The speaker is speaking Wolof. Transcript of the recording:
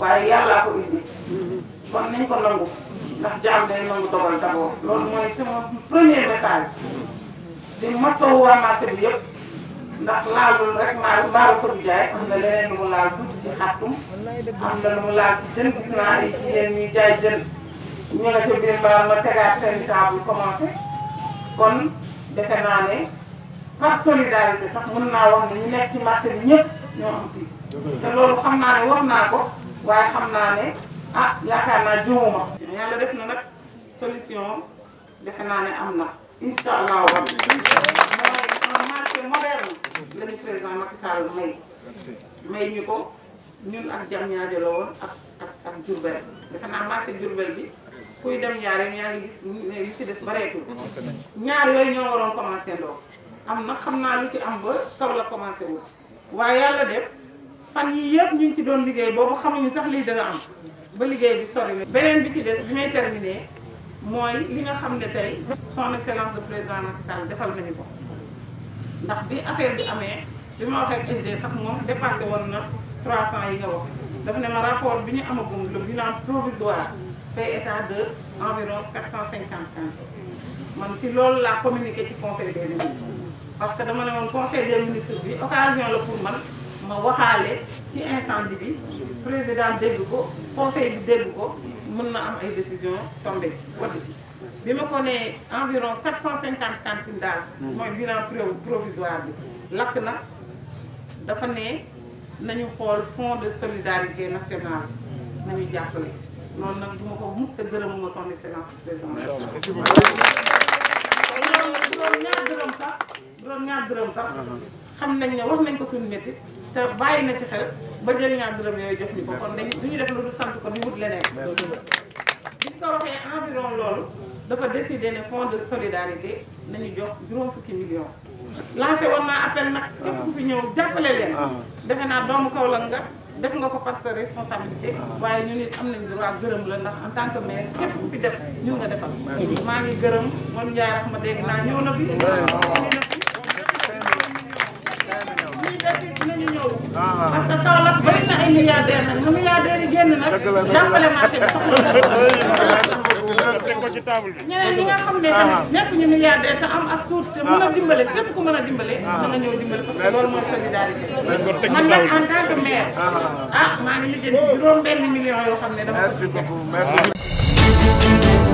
waaye yàllaa ko indi kon nañ ko nangu ndax jaam day nangu dogal d'abord loolu mooy sama premier message di masawu waa marché bi yëpp ndax laalul rek maal maal ko du jaay am na leneen lu mu laal tuuti ci xàttum am na lu mu laal ci jën gis naa ay jigéen ñuy jaay jën ñu nga ca biir mbaar ma tegaat seen table commencé kon defe naa ne par solidarité sax mën naa wax ne ñu nekk ci marché bi ñëpp ñoo am tiis te loolu xam naa ne wax naa ko waaye xam naa ne ah yaakaar naa juumuma yàlla def na nag solution defe naa ne am na incha allah Sall may may ñu ko ñun ak jam ñaajo la woon ak ak ak Diourbel defe naa marché Diourbel bi kuy dem ñaari yaa ngi gis li ci des bareetul ñaar yooyu ñoo waroon commencé ndoo am na xam naa lu ci am ba kaw la commencé wul waaye yàlla def fan yi yëpp ñu ngi ci doon liggéey boobu xamuñu sax lii dana am ba liggéey bi sori beneen bi ci des bi may terminé mooy li nga xam ne tey son excellence le président nag Sall defal nañu ko ndax bi affaire bi amee Je ma waxee sax dépassé 300 yi nga wax dafa ma rapport bi ñu le bilan provisoire fait état de environ 450 ans man ci loolu la communiqué ci conseil des ministres parce que dama conseil des ministres bi occasion la pour man ma qui ci incendie bi président dégg ko conseil de dégg ko mën une décision tombé wati ci environ 450 cantines daal hmm. mooy bilan provisoire bi dafa ne nañu xool fonds de solidarité nationale nañu jàppale noonu nag du ma ko mukk te gërëmuma son excellence président doon ñaar dërëm sax doon ñaar dërëm sax xam nañ ne wax nañ ko suñu métti te bàyyi na ci xel ba jël ñaar dërëm yooyu jox ñu ko kon dañ duñu def lu dul sant ko di wut leneen bi ñu ko waxee environ loolu dafa décider ne fonds de solidarité nañu jox juróom fukki millions lancé woon naa appel nag képp fi ñëw jàppale leen ah. defe naa doomu Kaolack nga def nga ko par sa responsabilité ah. waaye ñu nit am nañ droit gërëm la ndax en tant que maire képp ku fi def ñu nga defal maa ngi gërëm moom Ndiaye rax ma dégg naa ñëw na fi ñuy def dinañu ñëw ah. parce que ay milliardaire nag nu milliardaire yi génn nag jàppale marché bi soxla na ñeneen ñi nga xam ne tamit ah. nekk ñu milliardaire te am as tuut te mën a ah. dimbale képp ku mën a dimbale ah. mën a ñëw dimbale parce que loolu mooy solidarité man nag en tant que maire ah maa ngi liggéey juróom benn million yoo xam ne dama merci beaucoup merci